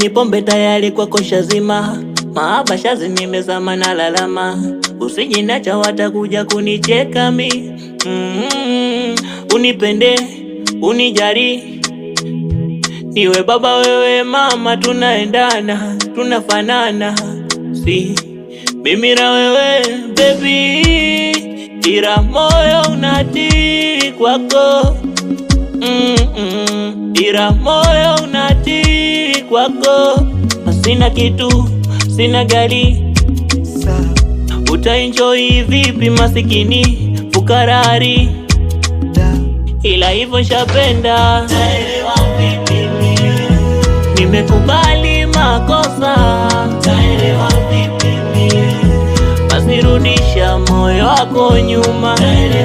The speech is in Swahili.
ni pombe tayari kwa kosha zima, maaba shazi nimezama na lalama, usijinacha watakuja kunicheka mi mm -hmm. Unipende unijari, niwe baba wewe mama, tunaendana tunafanana, si mimi na wewe baby, ila moyo unatii kwako mm mm-hmm. -mm. Ila moyo unatii wako. Sina kitu, sina gari, utaenjoy vipi? Masikini fukarari, ila hivyo shapenda. Nimekubali makosa, basi rudisha moyo wako nyuma.